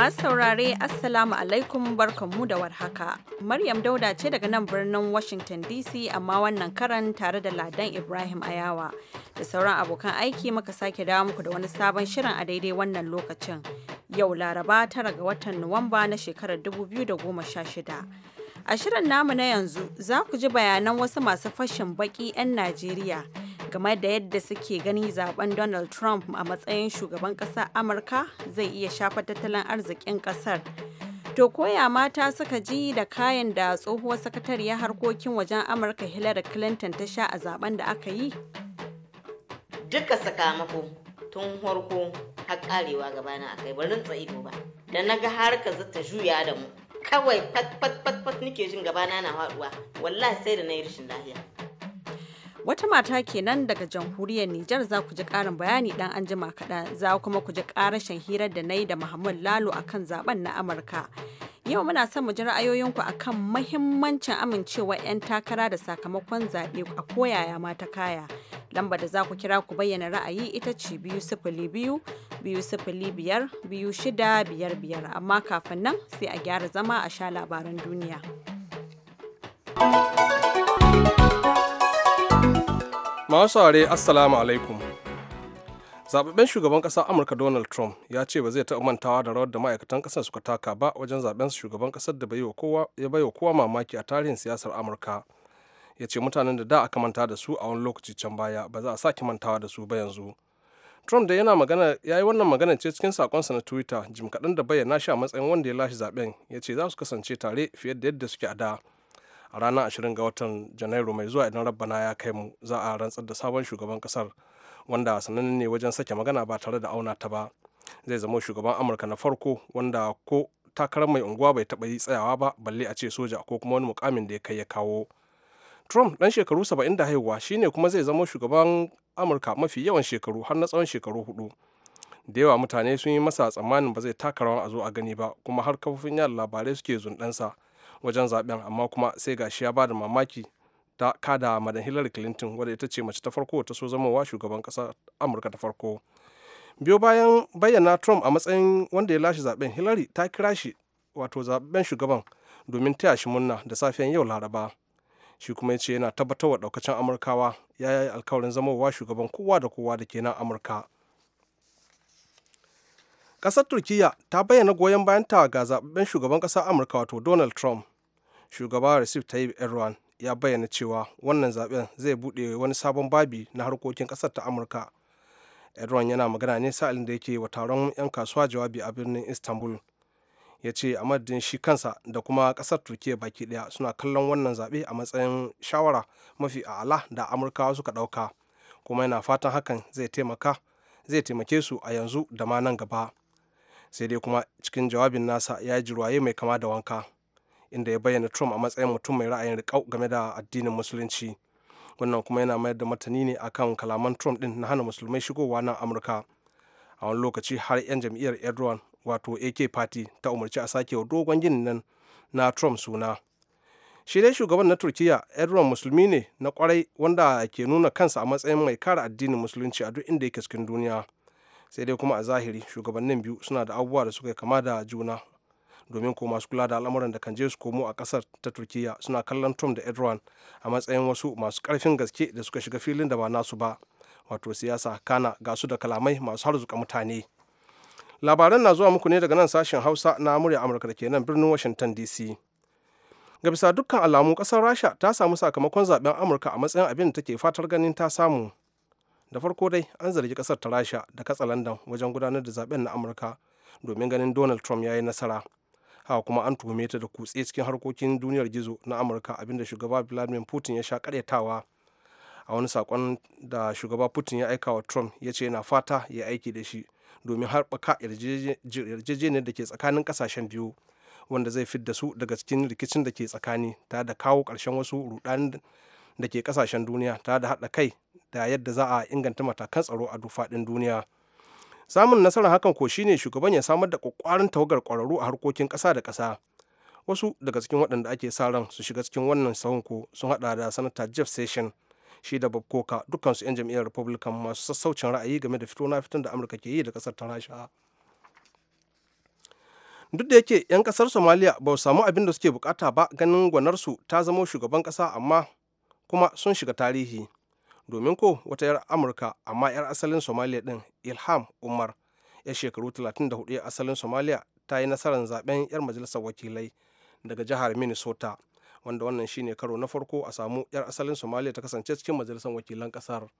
Masu saurare Assalamu alaikum barkanmu da warhaka. Maryam Dauda ce daga nan birnin Washington DC amma wannan karan tare da Ladan Ibrahim Ayawa da sauran abokan aiki muka sake dawo muku da wani sabon shirin a daidai wannan lokacin. Yau Laraba tara ga watan Nuwamba na shekarar 2016. A shirin namu na yanzu za ku ji bayanan wasu masu fashin baƙi 'yan Najeriya game da yadda suke gani zaben Donald Trump a matsayin shugaban ƙasar Amurka zai iya shafa tattalin arzikin ƙasar. To koya mata suka ji da kayan da tsohuwar sakatariyar harkokin wajen Amurka Hillary Clinton ta sha a zaben da aka yi? Duka sakamako tun harko har karewa gabana a kai barin ido ba. Da na ga harka zata juya da mu. Kawai fat fat fat fat nike jin gabana na haɗuwa Wallahi sai da na yi rashin lafiya. Wata mata kenan daga jamhuriyar Nijar za ku ji ƙarin bayani dan an jima kaɗan za kuma ku ji ƙarashin hira da na yi da Muhammad Lalo akan zaben na Amurka. Yau muna son mu ji ra'ayoyinku akan mahimmancin amincewa 'yan takara da sakamakon zaɓe a koyaya mata kaya. lamba da za ku kira ku bayyana ra'ayi ita ce biyu sifili biyu, biyu sifili biyar, biyu shida biyar biyar. Amma kafin nan sai a gyara zama a sha labaran duniya. masu are assalamu alaikum zababben shugaban ƙasar amurka donald trump ya ce ba zai taɓa mantawa da rawar da ma'aikatan ƙasar suka taka ba wajen zaben shugaban ƙasar da ya bai wa kowa mamaki a tarihin siyasar amurka ya ce mutanen da da aka manta da su a wani lokaci can baya ba za a sake mantawa da su ba yanzu trump dai yana magana ya yi wannan magana ce cikin sakonsa na twitter jim kaɗan da bayyana shi a matsayin wanda ya lashe zaben ya ce za su kasance tare fiye da yadda suke a da a ranar ashirin ga watan janairu mai zuwa idan rabbana ya kai mu za a rantsar da sabon shugaban kasar wanda sananne ne wajen sake magana ba tare da auna ta ba zai zama shugaban amurka na farko wanda ko takarar mai unguwa bai taɓa yi tsayawa ba balle a ce soja ko kuma wani mukamin da ya kai ya kawo trump dan shekaru saba'in da haihuwa shine kuma zai zama shugaban amurka mafi yawan shekaru har na tsawon shekaru hudu da yawa mutane sun yi masa tsammanin ba zai taka a zo a gani ba kuma har kafofin yada labarai suke zundansa wajen zaben amma kuma sai gashi ya bada mamaki ta kada madan hillary clinton wadda ita ce mace ta farko ta so zamowa shugaban kasa amurka ta farko biyo bayan bayyana trump a matsayin wanda ya lashe zaben hillary ta kira shi wato zaben shugaban domin taya shi murna da safiyan yau laraba shi kuma ya ce yana tabbatar wa daukacin amurkawa ya yi alkawarin zamowa shugaban kowa da kowa da ke nan amurka Ƙasar Turkiyya ta bayyana goyon bayan ta ga zaɓaɓɓen shugaban ƙasar Amurka wato Donald Trump. Shugaba Recep Tayyip Erdogan ya bayyana cewa wannan zaɓen zai buɗe wani sabon babi na harkokin ƙasar ta Amurka. Erdogan yana magana ne sa'ilin da yake wa taron 'yan kasuwa jawabi a birnin Istanbul. Ya ce a madadin shi kansa da kuma ƙasar Turkiyya baki ɗaya suna kallon wannan zaɓe a matsayin shawara mafi a'ala da amurka suka ɗauka. kuma yana fatan hakan zai taimaka zai taimake su a yanzu da ma nan gaba. sai dai kuma cikin jawabin nasa ya ji ruwaye mai kama da wanka inda ya bayyana trump a matsayin mutum mai ra'ayin riƙau game da addinin musulunci wannan kuma yana mayar da martani ne akan kalaman trump din na hana musulmai shigowa na amurka a wani lokaci har 'yan jam'iyyar erdogan wato ak party ta umarci a sake wa dogon ginin nan na trump suna shi dai shugaban na turkiya erdogan musulmi ne na kwarai wanda ke nuna kansa a matsayin mai kare addinin musulunci a duk inda yake cikin duniya sai dai kuma a zahiri shugabannin biyu suna da abubuwa da suka kama da juna domin ko masu kula da al'amuran da kan je su komo a kasar ta turkiya suna kallon tom da edwan a matsayin wasu masu karfin gaske da suka shiga filin da ba nasu ba wato siyasa kana ga su da kalamai masu harzuka mutane labaran na zuwa muku ne daga nan sashen hausa na murya amurka da ke nan birnin washington dc ga bisa dukkan alamu kasar rasha ta samu sakamakon zaben amurka a matsayin abin da take fatar ganin ta samu da farko dai an zargi kasar ta rasha da katsalandan wajen gudanar da zaben na amurka domin ganin donald trump ya yi nasara haka kuma an tuhume ta da kutse cikin harkokin duniyar gizo na amurka abinda shugaba vladimir putin ya sha karyatawa a wani sakon da shugaba putin ya aika wa trump ya ce yana fata ya aiki da shi domin harɓaka yarjejeniyar da ke tsakanin kasashen biyu wanda zai fidda su daga cikin rikicin da ke tsakani ta da kawo ƙarshen wasu rudanin da ke kasashen duniya tare da haɗa kai da yadda za a inganta matakan tsaro a duk duniya samun nasarar hakan ko shine shugaban ya samar da kwakwarin tawagar kwararru a harkokin ƙasa da kasa wasu daga cikin waɗanda ake sa ran su shiga cikin wannan sahunko sun haɗa da sanata jeff session shi da bob coker dukkansu 'yan jam'iyyar republican masu sassaucin ra'ayi game da fito na fitan da amurka ke yi da ƙasar ta rasha duk da yake 'yan kasar somaliya ba su samu abin da suke bukata ba ganin gwanarsu ta zama shugaban kasa amma kuma sun shiga tarihi domin ko wata 'yar amurka amma 'yar asalin somaliya din ilham umar ya shekaru 34 asalin somaliya ta yi nasarar zaben 'yar majalisar wakilai daga jihar minnesota wanda wannan shine karo na farko a samu 'yar asalin somaliya ta kasance cikin majalisar wakilan kasar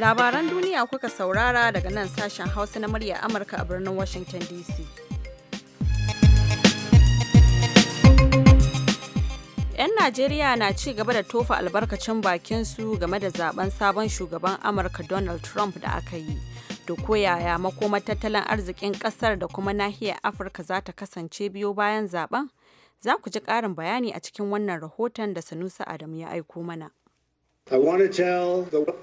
labaran duniya kuka saurara daga nan sashen hausa na murya amurka a birnin washington dc 'Yan Najeriya na ci gaba da tofa albarkacin bakinsu game da zaben sabon shugaban Amurka Donald Trump da aka yi. Da koyaya makoma tattalin arzikin kasar da kuma nahiyar Afirka za ta kasance biyo bayan zaben? Za ku ji ƙarin bayani a cikin wannan rahoton da Sanusi Adamu ya aiko mana. I want to tell the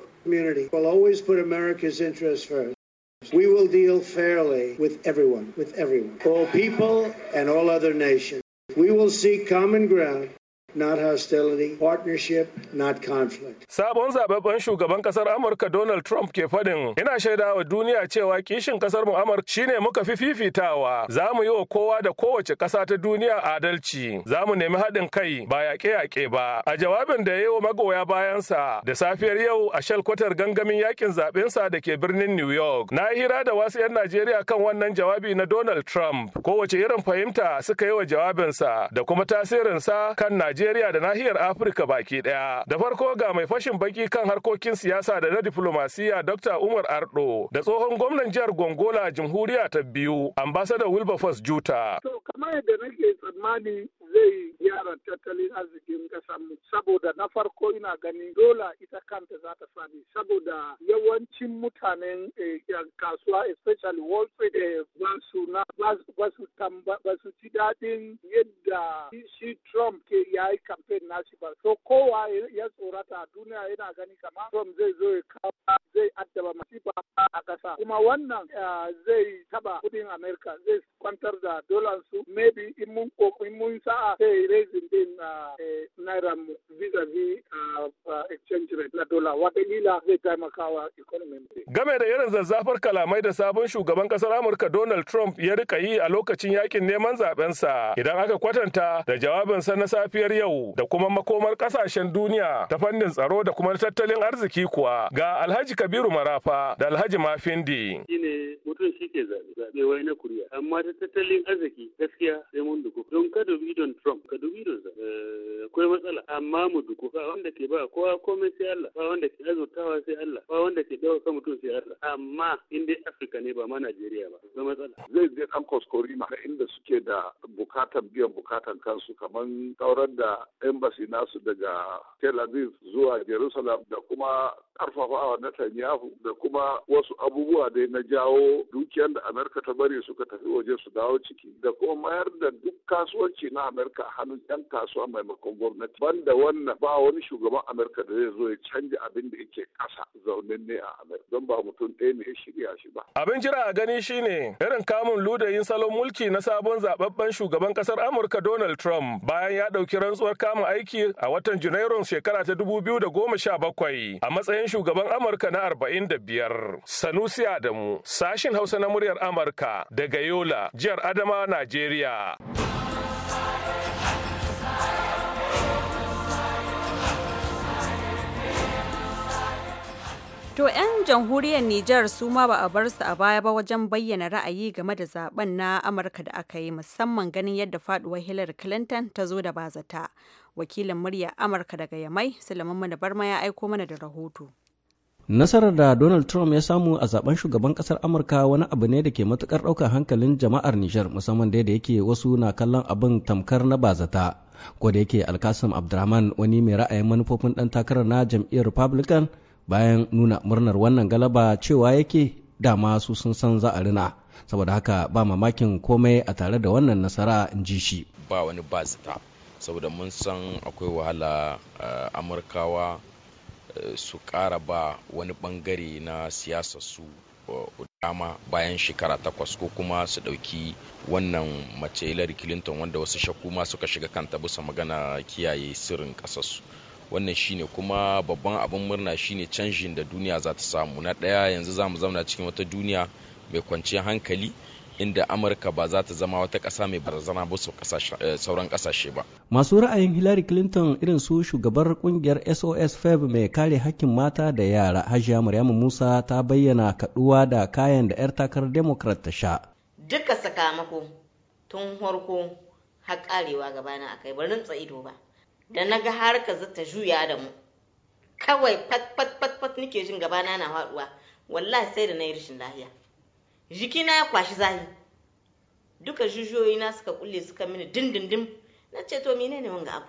We will deal fairly with everyone, with everyone, all people and all other nations. We will seek common ground not hostility, partnership, not conflict. Sabon zababben shugaban kasar Amurka Donald Trump ke fadin, ina wa duniya cewa kishin kasar mu Amurka shine muka fi fifitawa. Za mu yi wa kowa da kowace kasa ta duniya adalci. Za mu nemi haɗin kai ba yaƙe-yaƙe ba. A jawabin da ya yi wa magoya bayansa da safiyar yau a shalkwatar gangamin yakin zaɓensa da ke birnin New York. Na hira da wasu 'yan Najeriya kan wannan jawabi na Donald Trump. Kowace irin fahimta suka yi wa jawabinsa da kuma tasirinsa kan Najeriya. Najeriya da nahiyar Afirka baki daya. Da farko ga mai fashin baki kan harkokin siyasa da na diplomasiya Dr. Umar Ardo da tsohon gwamnan jihar Gongola Jamhuriya ta biyu ambasada Wilberforce Juta. To kamar yadda nake tsammani zai gyara tattalin arzikin kasar mu saboda na farko ina gani dola ita kanta za ta sami saboda yawancin mutanen eh, kasuwa especially wall street eh, ba su na ba su tamba ba su ji dadin yadda shi Trump ke yayi campaign nashi ba so kowa ya tsorata duniya yana gani kamar Trump zai zo ya kawo a ƙasa kuma wannan eh, zai taɓa kudin america zai kwantar da dolan su maybe in mun mun sa'a sai raising din eh, eh, naira mu vis a ah, vis Uh, exchange rate na dola watakila zai taimaka wa economy. Game da irin zazzafar kalamai da sabon shugaban kasar Amurka Donald Trump ya rika yi a lokacin yakin neman zabensa idan aka kwatanta da jawabinsa na safiyar yau da kuma makomar kasashen duniya ta fannin tsaro da kuma tattalin arziki kuwa ga Alhaji Kabiru Marafa da Alhaji Mafindi. Shine mutum shi ke zaɓe wai na kuriya amma ta tattalin arziki gaskiya sai mun duku don kada don Trump mamudu duku ba wanda ke ba kowa komai sai Allah ba wanda ke azurtawa sai Allah wanda ke dawo kan mutum sai amma in dai Afirka ne ba ma Najeriya ba zama matsala zai je kan koskori ma inda suke da bukatan biyan bukatan kansu kamar kaurar da embassy nasu daga Tel Aviv zuwa Jerusalem da kuma karfafawa Tanyahu da kuma wasu abubuwa dai na jawo dukiyar da Amerika ta bari suka tafi waje su dawo ciki da kuma mayar da duk kasuwanci na Amerika hannun 'yan kasuwa maimakon gwamnati banda wannan ba wani shugaban Amerika da zai zo ya canja abin da yake ƙasa zaune nan ne a don ba mutum ɗaya ne shirya shi ba. Abin jira a gani shine irin kamun ludayin salon mulki na sabon zababben shugaban kasar Amurka Donald Trump bayan ya ɗauki rantsuwar kama aiki a watan Janairun shekara ta dubu biyu da goma sha bakwai a matsayin shugaban Amurka na arba'in da biyar. Sanusi Adamu, sashin Hausa na muryar Amurka daga Yola, jihar Adama, Najeriya. To 'yan jamhuriyar Nijar su ma ba a bar su a baya ba wajen bayyana ra'ayi game da zaben na Amurka da aka yi musamman ganin yadda faduwar Hillary Clinton ta zo da bazata. Wakilin murya Amurka daga Yamai, Sulaiman Barma ya aiko mana da rahoto. Nasarar da Donald Trump ya samu a zaben shugaban kasar Amurka wani abu ne da ke matukar ɗaukar hankalin jama'ar Nijar musamman da yake wasu na kallon abin tamkar na bazata. Ko da yake Alkasim Abdurrahman wani mai ra'ayin manufofin ɗan takarar na jam'iyyar Republican bayan nuna murnar wannan galaba cewa yake dama su sun san za a rina saboda haka ba mamakin komai a tare da wannan nasara in ji shi ba wani ba saboda mun san akwai wahala eh, amurkawa eh, su kara ba wani bangare na siyasa su eh, dama bayan shekara takwas ko kuma su ɗauki wannan mace Hillary Clinton wanda wasu shakku ma suka shiga kanta bisa magana kiyaye sirrin ƙasarsu. wannan shine kuma babban abin murna shine canjin da duniya za ta samu na ɗaya yanzu za mu zauna cikin wata duniya mai kwanciyar hankali inda amurka ba za ta zama wata ƙasa mai barazana ba eh, sauran ƙasashe ba masu ra'ayin hillary clinton irin su shugabar kungiyar sos feb mai kare hakkin mata da yara hajiya maryamu musa ta bayyana kaduwa da kayan da 'yar takar democrat ta sha duka sakamako tun farko har karewa gabana akai barin ido ba da na ga har ka zata juya da mu kawai fat fat fat nike jin gabana na haɗuwa wallahi sai da na yi rashin lahiya jikina ya kwashi zahi duka na suka kulle suka mini din na ce to mene ne wanga abu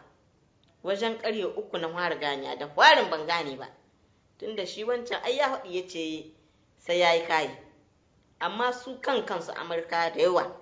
wajen karye uku na fara ganiya da farin ban gane ba tunda shi wancan ai ya haɗu ya ce sai ya yi kayi amma su kan kansu amurka da yawa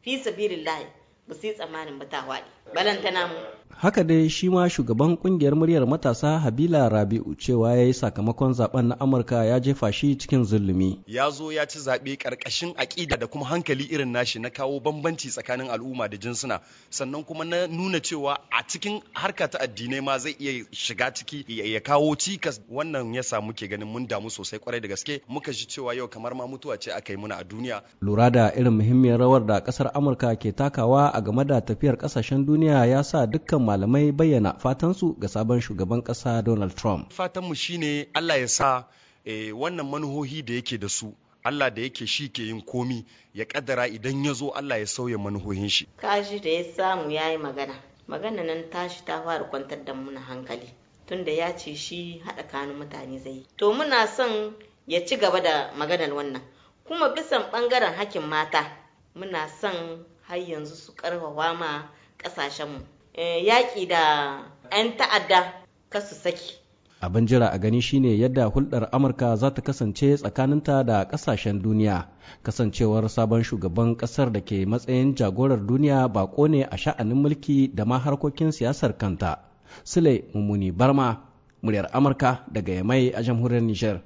fi sabirin lahi ba su yi tsammanin ba ta haɗi balantana mu haka dai shi ma shugaban kungiyar muryar matasa habila rabi'u cewa ya yi sakamakon zaben na amurka ya jefa shi cikin zulumi ya zo ya ci zaɓe ƙarƙashin aƙida da kuma hankali irin nashi na kawo bambanci tsakanin al'umma da jinsuna sannan kuma na nuna cewa a cikin harka ta addinai ma zai iya shiga ciki ya kawo cikas wannan ya sa muke ganin mun damu sosai kwarai da gaske muka ji cewa yau kamar ma mutuwa ce aka yi muna a duniya lura da irin muhimmiyar rawar da kasar amurka ke takawa a game da tafiyar kasashen duniya ya sa dukkan malamai bayyana fatansu ga sabon shugaban ƙasa Donald Trump. Fatanmu shine Allah ya sa eh, wannan manuhohi da yake da su Allah da yake shi ke yin komi ya ƙaddara idan ya zo Allah ya sauya manuhohin shi. Kashi da ya samu ya yi magana. Magana nan tashi ta fara kwantar da muna hankali. Tunda ya ce shi haɗa kanu mutane zai yi. To muna son ya ci gaba da maganar wannan. Kuma bisan ɓangaren hakin mata muna son har yanzu su ƙarfafa ma ƙasashenmu. Eh, yaƙi da 'yan ta'adda kasu saki. Abin jira a gani shine yadda hulɗar Amurka za ta kasance tsakaninta da ƙasashen duniya. Kasancewar sabon shugaban ƙasar da ke matsayin jagorar duniya bako ne a sha'anin mulki da ma harkokin siyasar kanta. Sule Mummuni Barma, muryar Amurka daga Yamai a jamhuriyar Nijar.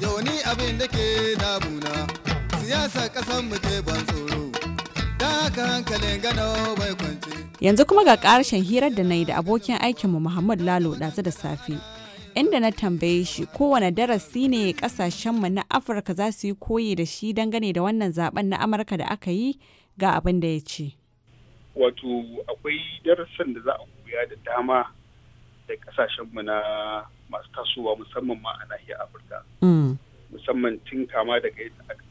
Yau ni abin da ke damuna, siyasar ƙasar mu ke ban tsoro. Yanzu kuma ga ƙarshen hirar da na yi da abokin aikinmu Muhammad Lalo ɗazu da safe. Inda na tambaye shi kowane darasi ne ƙasashenmu na Afirka za su yi koyi da shi dangane da wannan zaben na Amurka da aka yi ga abin da ya ce. Wato akwai darasin da za a koya da dama da ƙasashenmu na masu tasowa musamman ma a nahiyar Afirka. Mm. musamman tun kama daga yadda aka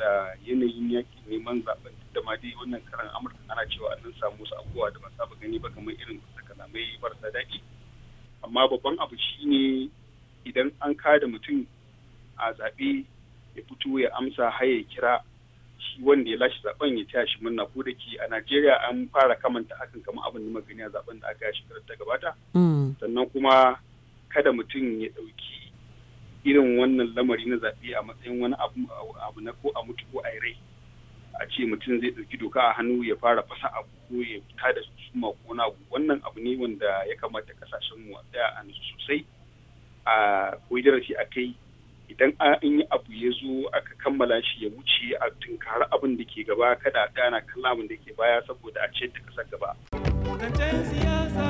da yanayin yaƙi neman duk da ma dai wannan karan amurka ana cewa an samu wasu abubuwa da ba saba gani ba kamar irin kalamai marasa daɗi amma babban abu shine idan an kada mutum a zaɓe ya fito ya amsa har ya kira shi wanda ya lashe zaɓen ya taya shi murna ko da ke a Najeriya an fara kamanta hakan kamar abin da magani a zaɓen da aka yi shekarar ta gabata mm. sannan kuma kada mutum ya ɗauki irin wannan lamari na zaɓe a matsayin wani abu na ko a mutu ko a rai a ce mutum zai ɗauki doka a hannu ya fara fasa abu ko ya fita da suma ko na abu wannan abu ne wanda ya kamata kasashen mu tsaya a nasu sosai a koyi darasi a kai idan an yi abu ya zo aka kammala shi ya wuce a tunkar abin da ke gaba kada a tsaya na abin da ke baya saboda a ce ta kasa gaba. Zancen siyasa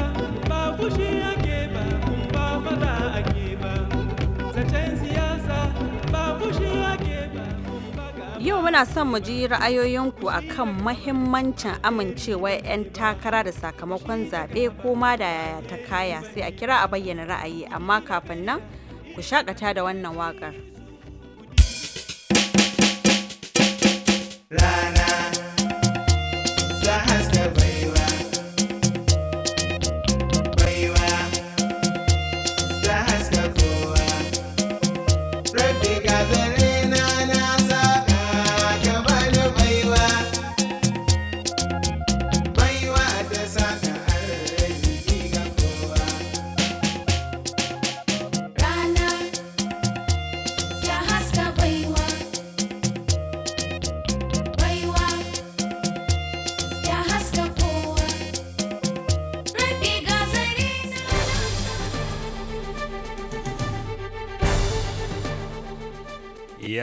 ba fushi ake ba kun ba fada ake Yau muna son mu ji ra'ayoyinku a kan mahimmancin amincewa 'yan takara da sakamakon zaɓe ko ma da yaya ta kaya sai a kira a bayyana ra'ayi amma kafin nan ku shaƙata da wannan waƙar. Rana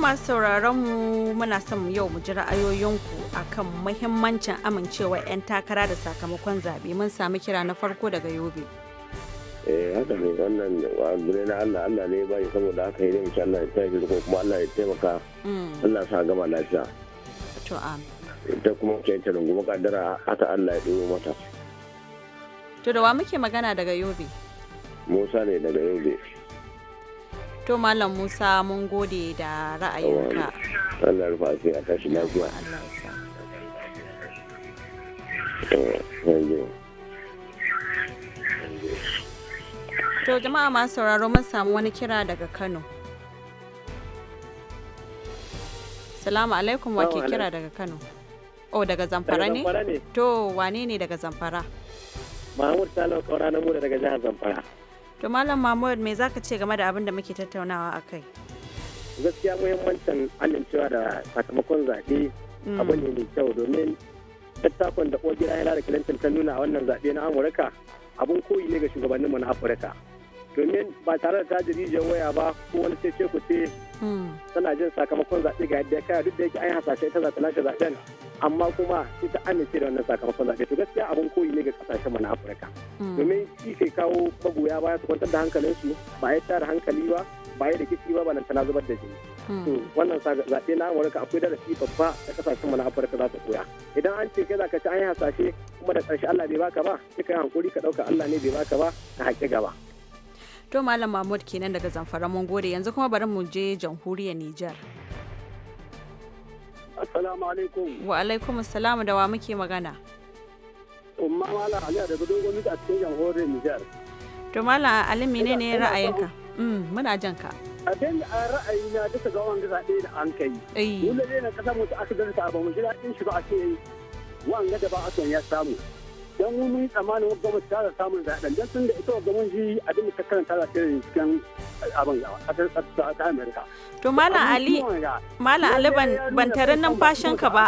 masu sauraron mu muna son yau mu ji ra'ayoyinku akan muhimmancin amincewa 'yan takara da sakamakon zaɓe mun sami kira na farko daga yobe. eh haka ne wannan gure na Allah Allah ne bai saboda haka yi mace Allah ya tafi ko kuma Allah ya taimaka mm. Allah sa gama lafiya to amin ita kuma ce ta runguma kaddara haka Allah ya dubo mata to da wa muke magana daga Yobe Musa ne daga Yobe to malam musa mun gode da ra'ayinka Allah rufa a a tashi lafiya to jama'a masu sauraro mun samu wani kira daga kano salamu alaikum wa ke kira daga kano oh daga zamfara ne to wane ne daga zamfara mahmud salo kaura na mu daga jihar zamfara To Malam Mahmud me zaka ce game da abin da muke tattaunawa a kai? Gaskiya muhimmancin amincewa da sakamakon zaɓe mm. abu ne mai kyau domin tattakon da ƙogin yana da Clinton ta nuna a wannan zaɓe na Amurka abun koyi ne ga shugabanninmu na Afirka. domin ba tare da tajirijin waya ba ko wani ce ce ku ce tana jin sakamakon zaɓe ga yadda ya kaya duk da yake an hasashe ta zaɓe na shi zaɓen amma kuma ta amince da wannan sakamakon zaɓe to gaskiya abin koyi ne ga kasashen na afirka hmm. domin shi ke kawo magoya baya su kwantar da hankalinsu ba ya tara hankali ba ba ya rikici ba ba nan zubar da jini hmm. to wannan zaɓe na amurka akwai darasi babba da kasashen na afirka za su koya idan an ce kai za ka ci an yi hasashe kuma da ƙarshe allah bai baka ba sai ka yi hankuri ka ɗauka allah ne bai baka ba ka haƙi gaba. to malam mahmud kenan daga zamfara mun gode yanzu kuma bari mu je jamhuriyar nijar. Assalamu alaikum. Wa alaikum assalamu da wa muke magana. Umma Mala Aliya daga dogon a cikin jamhuriyar Nijar. To Mala Ali menene ra'ayinka? Mm, muna jan ka. Abin a na duka ga wanda zaɓe da an kai. Eh. Dole ne na kasa mutu aka danta ba mu ji daɗin shi ba a ce wanga da ba a son ya samu. don mun yi tsammanin wata gwamnati ta da samun zaɓen don sun da ita wa gwamnati abin da ta karanta da shirin cikin abin a ta Amerika. To Malam Ali, Malam Ali ban tare fashin ka ba.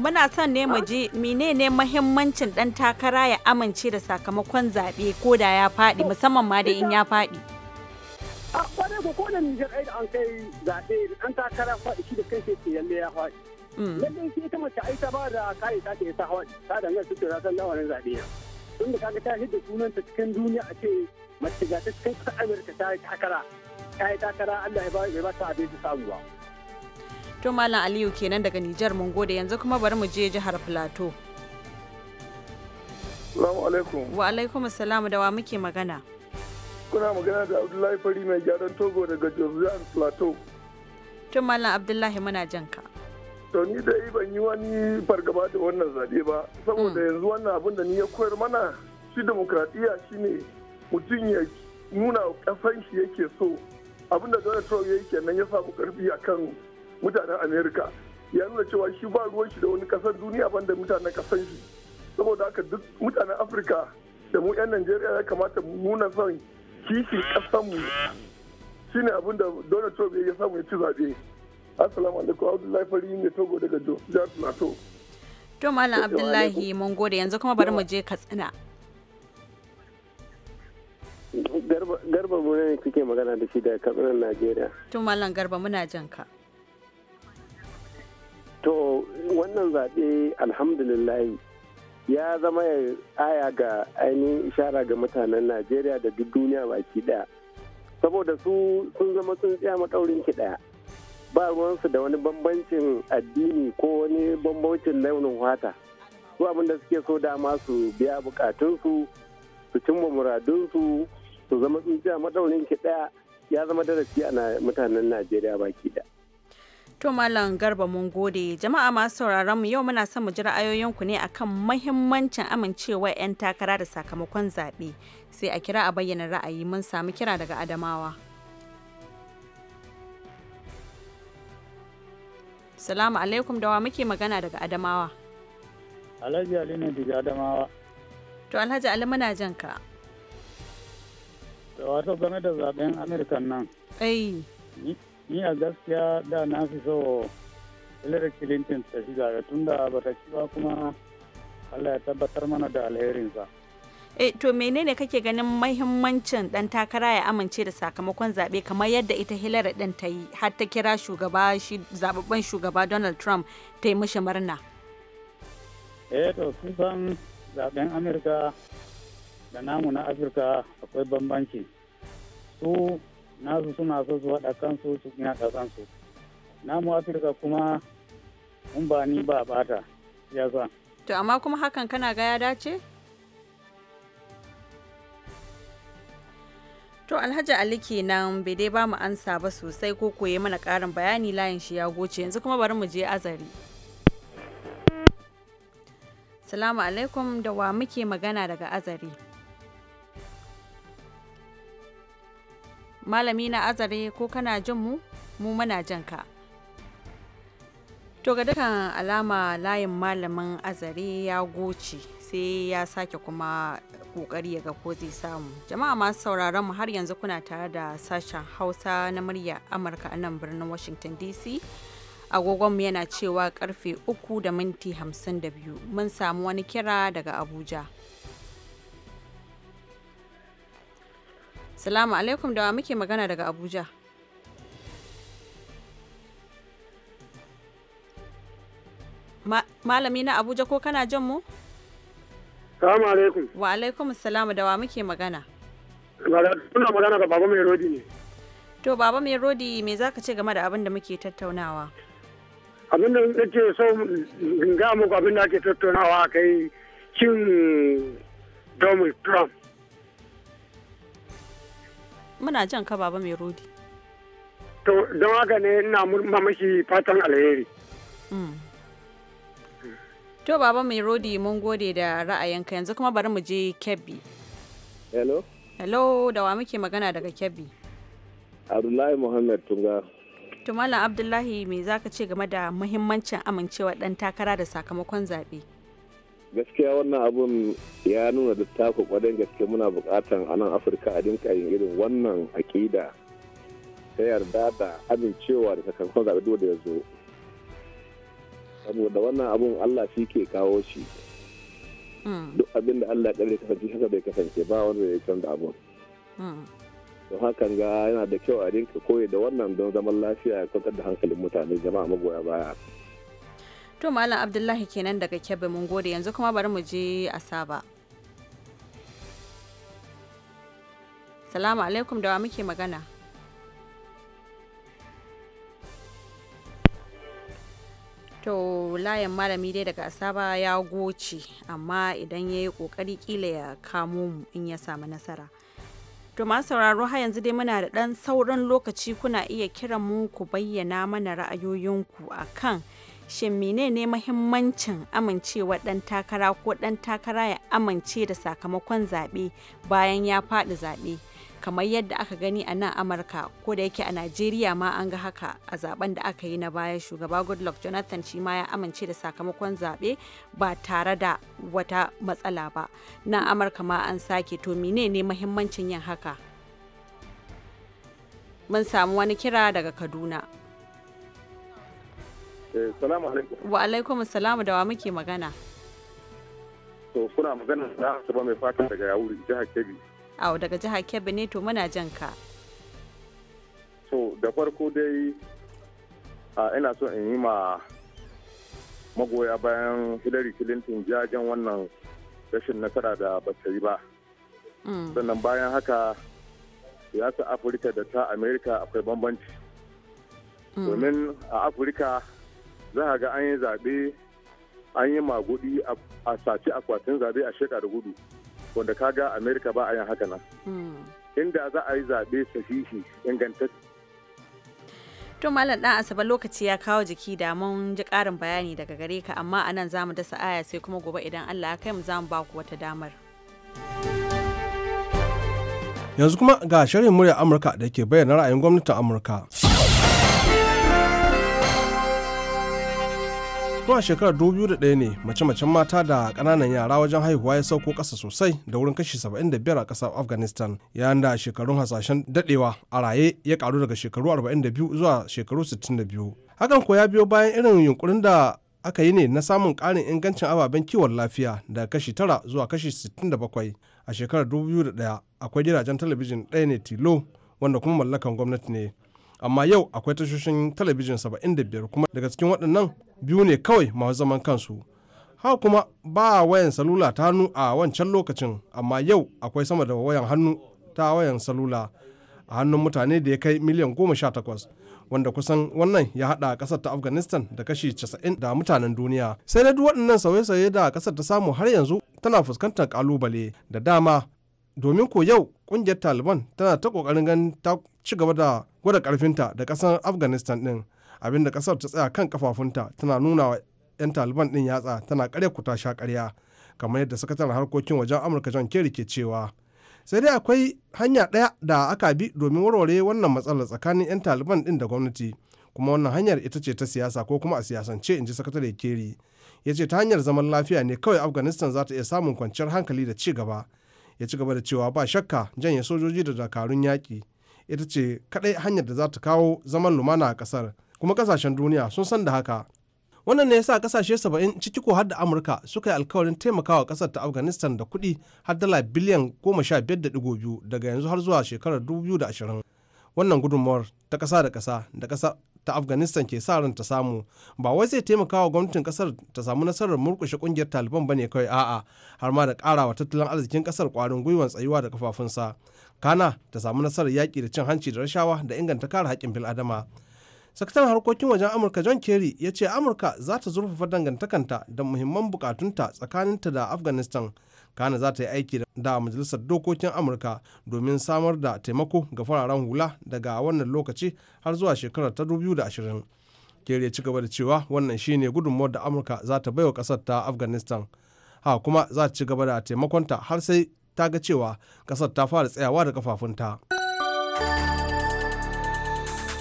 Muna son ne mu ji ne mahimmancin dan takara ya amince da sakamakon zaɓe ko da ya faɗi musamman ma da in ya faɗi. A kwanan ko da Nijar aida da an kai zaɓe an takara faɗi shi da kai ke yalle ya faɗi. lallai shi ta mace ai ta ba da kayi ta ke sa hawan ta da yanzu ta san lawarin zabe tun da kaga ta hidda sunanta cikin duniya a ce mace ga ta cikin ƙasar Amurka ta yi takara ta yi takara Allah ya ba ba ta abin samu ba to malam Aliyu kenan daga Nijar mun gode yanzu kuma bari mu je jihar Plateau Salamu alaikum. Wa alaikum salamu da wa muke magana. Kuna magana da Abdullahi Fari mai gyaran Togo daga Jos Plateau. Tun Malam Abdullahi muna jan ka. to ni da ban yi wani fargaba da wannan zaɓe ba saboda mm. yanzu wannan abin da ni ya koyar mana shi demokradiyya shine mutum ya nuna kasan shi yake so abin da donald trump ya yi kenan ya samu karfi a kan mutanen america ya nuna cewa shi ba ruwan shi da wani kasar duniya ban da mutanen kasan shi saboda haka duk mutanen afirka da mu 'yan najeriya ya kamata mu nuna son kishin kasanmu shine abin da donald trump ya samu ya ci zaɓe Assalamu alaikum Abdullahi Fari ne Togo daga Jihar Plateau. To Malam Abdullahi mun gode yanzu kuma bari mu je Katsina. Garba Buna ne kuke magana da shi daga Katsina Najeriya. To Malam Garba muna jan ka. To wannan zaɓe alhamdulillahi ya zama ya aya ga ainihin ishara ga mutanen Najeriya da duk duniya baki ɗaya. Saboda su sun zama sun tsaya maɗaurin ki ɗaya. ba ruwansu da wani bambancin addini ko wani bambancin launin wata su abin da suke so dama su biya bukatunsu su cimma muradunsu su zama tsintsiya a ki daya ya zama darasi a mutanen najeriya baki da to malam garba mun gode jama'a masu sauraron mu yau muna son mu ji ra'ayoyinku ne akan muhimmancin amincewa 'yan takara da sakamakon zaɓe sai a kira a bayyana ra'ayi mun samu kira daga adamawa Salamu alaikum dawa muke magana daga Adamawa. Alhaji Ali ne daga Adamawa. To Alhaji Ali muna jan ka. Da wato game da zaben Amerika nan. Ai. Ni a gaskiya da na fi so Hillary Clinton ta shiga da da ba ta ba kuma Allah ya tabbatar mana da alherinsa. E, to menene kake ganin mahimmancin dan takara ya amince da sakamakon zaɓe kamar yadda ita Hillary ɗin ta yi har ta kira shugaba shi zababban shugaba Donald Trump ta yi mishi murna. Eh to san zaɓen Amurka da namu na Afirka akwai bambanci. Su nasu suna so su haɗa kansu su gina ƙasansu. Namu Afirka kuma mun ba ni ba ɓata. Ya To amma kuma hakan kana ga ya dace? To Alhaji Ali kenan bai dai ba mu ansa ba sosai ko koye mana ƙarin bayani layin shi ya goce yanzu kuma bari mu je azari. Salamu alaikum da wa muke magana daga azari. Malami na azare ko kana jin mu? Mu muna jan ka. To ga dukkan alama layin malamin azare ya goce sai ya sake kuma kokari ya ga ko zai samu. Jama'a masu sauraron mu har yanzu kuna tare da sashen Hausa na murya Amurka a nan birnin Washington DC. Agogonmu yana cewa karfe uku da minti hamsin Mun samu wani kira daga Abuja. Salamu alaikum da muke magana daga Abuja. malami na Abuja ko kana jan mu? Salamu alaikum. Wa alaikum salamu da wa muke magana. Kuna magana ga Baba Merodi ne. To Baba Merodi me za ka ce game da abin da muke tattaunawa? Abin da nake so in ga muku abin da ake tattaunawa kai cin Donald Trump. Muna jan ka Baba Merodi. To don haka ne ina mamashi fatan alheri. Mm. To baba mai rodi mun gode da ra'ayinka yanzu kuma bari mu je Kebbi. Hello. Hello da wa muke magana daga Kebbi. Abdullahi Muhammad Tunga. Tumala Abdullahi me zaka ce game da muhimmancin amincewa dan takara da sakamakon zaɓe? Gaskiya wannan abun ya nuna da taku kwadon gaske muna bukatan a nan Afirka a dinka yin irin wannan aƙida ta yarda da amincewa da sakamakon zaɓe dole ya zo saboda wannan abun Allah shi ke kawo shi hmm. duk abin da Allah ya kasance haka bai kasance ba wanda ya canza abun don hmm. hakan ga yana da kyau a rinka koyi da wannan don zaman lafiya ya kwantar da hankalin mutane jama'a magoya baya to malam abdullahi kenan daga kebbi mun gode yanzu kuma bari mu je asaba salamu alaikum da wa muke magana to layin malami dai daga asaba ya goce amma idan ya yi kokari kila ya kamo mu in ya samu nasara to masu sauraro har yanzu dai muna da ɗan sauran lokaci kuna iya kiran mu ku bayyana mana ra'ayoyinku a kan shin menene mahimmancin amincewa ɗan takara ko ɗan takara ya amince da sakamakon zaɓe bayan ya faɗi zaɓe kamar yadda aka gani a nan amurka ko da yake a najeriya ma an ga haka a zaben da aka yi na baya shugaba goodluck jonathan shi ma ya amince da sakamakon zaɓe ba tare da wata matsala ba nan amurka ma an sake to menene mahimmancin yin haka mun samu wani kira daga kaduna eh, wa alaikum salamu da wa muke magana to kuna magana da asuba mai fata daga yawuri jihar kebbi Awo daga jihar Kebbi ne to muna jan ka. so da farko dai ina so in yi ma magoya bayan Hillary Clinton jajen wannan rashin nasara da ba ta yi ba. Mm. Sannan bayan haka ta Afirka da ta Amerika akwai bambanci. Mm. Domin a Afirka za a ga an yi zaɓe an yi magudi a saci akwatin zaɓe a shekaru da gudu. wanda kaga amerika ba a yin haka nan hmm. inda za a yi zaɓe sahihi ingantacce to malam dan asaba lokaci ya kawo jiki da mun ji ƙarin bayani daga gare ka amma anan za mu dasa aya sai kuma gobe idan allah ya kai mu zamu mu ba ku wata damar yanzu kuma ga shirin murya amurka da ke bayyana ra'ayin gwamnatin amurka Zuwa shekarar 2001 ne mace-macen mata da ƙananan yara wajen haihuwa ya sauko ƙasa sosai da wurin kashi 75 a ƙasar Afghanistan yayin da shekarun hasashen daɗewa a raye ya ƙaru daga shekaru 42 zuwa shekaru 62. Hakan ko ya biyo bayan irin yunkurin da aka yi ne na samun ƙarin ingancin ababen kiwon lafiya daga kashi 9 zuwa kashi 67 a shekarar 2001 akwai gidajen talabijin ɗaya ne tilo wanda kuma mallakan gwamnati ne. amma yau akwai tashoshin talabijin 75 kuma daga cikin waɗannan biyu ne kawai masu zaman kansu haka kuma ba wayan salula ta hannu a wancan lokacin amma yau akwai sama da wayan hannu ta wayan salula a hannun mutane da ya kai miliyan goma sha takwas wanda kusan wannan ya hada kasar ta afghanistan da kashi 90 da mutanen duniya sai dai duk waɗannan sauye-sauye da kasar ta samu har yanzu tana fuskantar kalubale da dama domin ko yau kungiyar taliban tana ta kokarin ganin ta ci gaba da gwada karfinta da kasar afghanistan ɗin. abinda kasar ta tsaya kan kafafunta tana nuna wa 'yan taliban din yatsa tana karya kuta sha karya kamar yadda sakataren harkokin wajen amurka john kerry ke cewa sai dai akwai hanya ɗaya da aka bi domin warware wannan matsalar tsakanin 'yan taliban din da gwamnati kuma wannan hanyar ita ce ta siyasa ko kuma a siyasance in ji sakatare keri ya ce ta hanyar zaman lafiya ne kawai afghanistan za ta iya samun kwanciyar hankali da ci gaba ya ci gaba da cewa ba shakka janye sojoji da dakarun yaƙi ita ce kaɗai hanyar da za ta kawo zaman lumana a ƙasar kuma kasashen duniya sun san da haka wannan ne yasa kasashe 70 ciki ko har da amurka suka yi alkawarin taimakawa kasar ta afghanistan da kuɗi har dala biliyan 15.2 daga yanzu har zuwa shekarar 2020 wannan gudunmawar ta ƙasa da ƙasa da ƙasa ta afghanistan ke sa ran ta samu ba wai zai taimakawa gwamnatin kasar ta samu nasarar murkushe kungiyar taliban ba ne kawai a'a har ma da karawa tattalin arzikin kasar kwarin gwiwan tsayuwa da kafafunsa kana ta samu nasarar yaƙi da cin hanci da rashawa da inganta kare haƙƙin bil'adama sakataren harkokin wajen amurka john kerry ya ce amurka za ta zurfafa dangantakanta da muhimman bukatunta tsakaninta da afghanistan kana za ta yi aiki da majalisar dokokin amurka domin samar da taimako ga fararen hula daga wannan lokaci har zuwa shekarar ta 2020 kerry ya ci gaba da cewa wannan shine gudunmawar da amurka za ta baiwa kasar ta afghanistan ha kuma za ta ci gaba da taimakonta har sai ta ga cewa kasar ta fara tsayawa da kafafunta.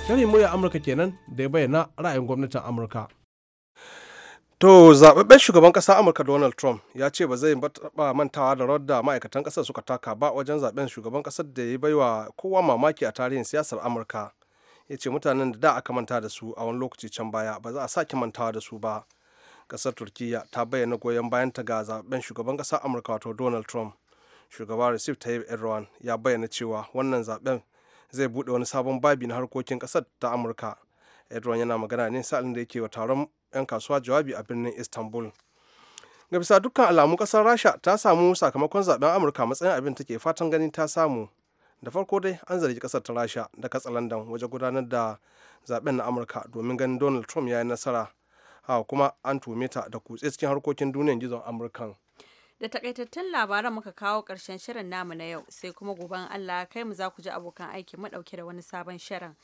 Shirin murya Amurka kenan da ya bayyana ra'ayin gwamnatin Amurka. To zaɓaɓɓen shugaban ƙasa Amurka Donald Trump ya ce ba zai ba mantawa da rawar da ma'aikatan ƙasar suka taka ba wajen zaɓen shugaban ƙasar da ya baiwa kowa mamaki a tarihin siyasar Amurka. Ya ce mutanen da da aka manta da su a wani lokaci can baya ba za a sake mantawa da su ba. Ƙasar Turkiyya ta bayyana goyon bayan ta ga zaɓen shugaban ƙasar Amurka wato Donald Trump. Shugaba Recep Tayyip Erdogan ya bayyana cewa wannan zaɓen zai buɗe wani sabon babi na harkokin kasar ta amurka edward yana magana ne sa'alin da yake wa taron 'yan kasuwa jawabi a birnin istanbul ga bisa dukkan alamu kasar rasha ta samu sakamakon zaɓen amurka matsayin abin take fatan ganin ta samu da farko dai an zargi kasar ta rasha da katsalandan wajen gudanar da zaɓen na amurka domin ganin donald trump ya yi nasara ha kuma an tume ta da kutse cikin harkokin duniyar gizon amurkan Da takaitattun labaran muka kawo karshen shirin namu na yau sai kuma goben Allah kai mu za ku ji abokan aiki mu ɗauke da wani sabon shirin.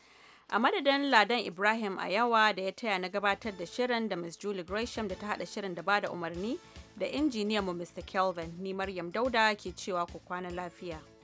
A madadin Ladan Ibrahim a yawa da ya taya na gabatar da shirin da Miss Julie Gresham da ta haɗa shirin da bada umarni da injiniyan mu Mr. Kelvin ni Maryam Dauda ke cewa ku kwana lafiya.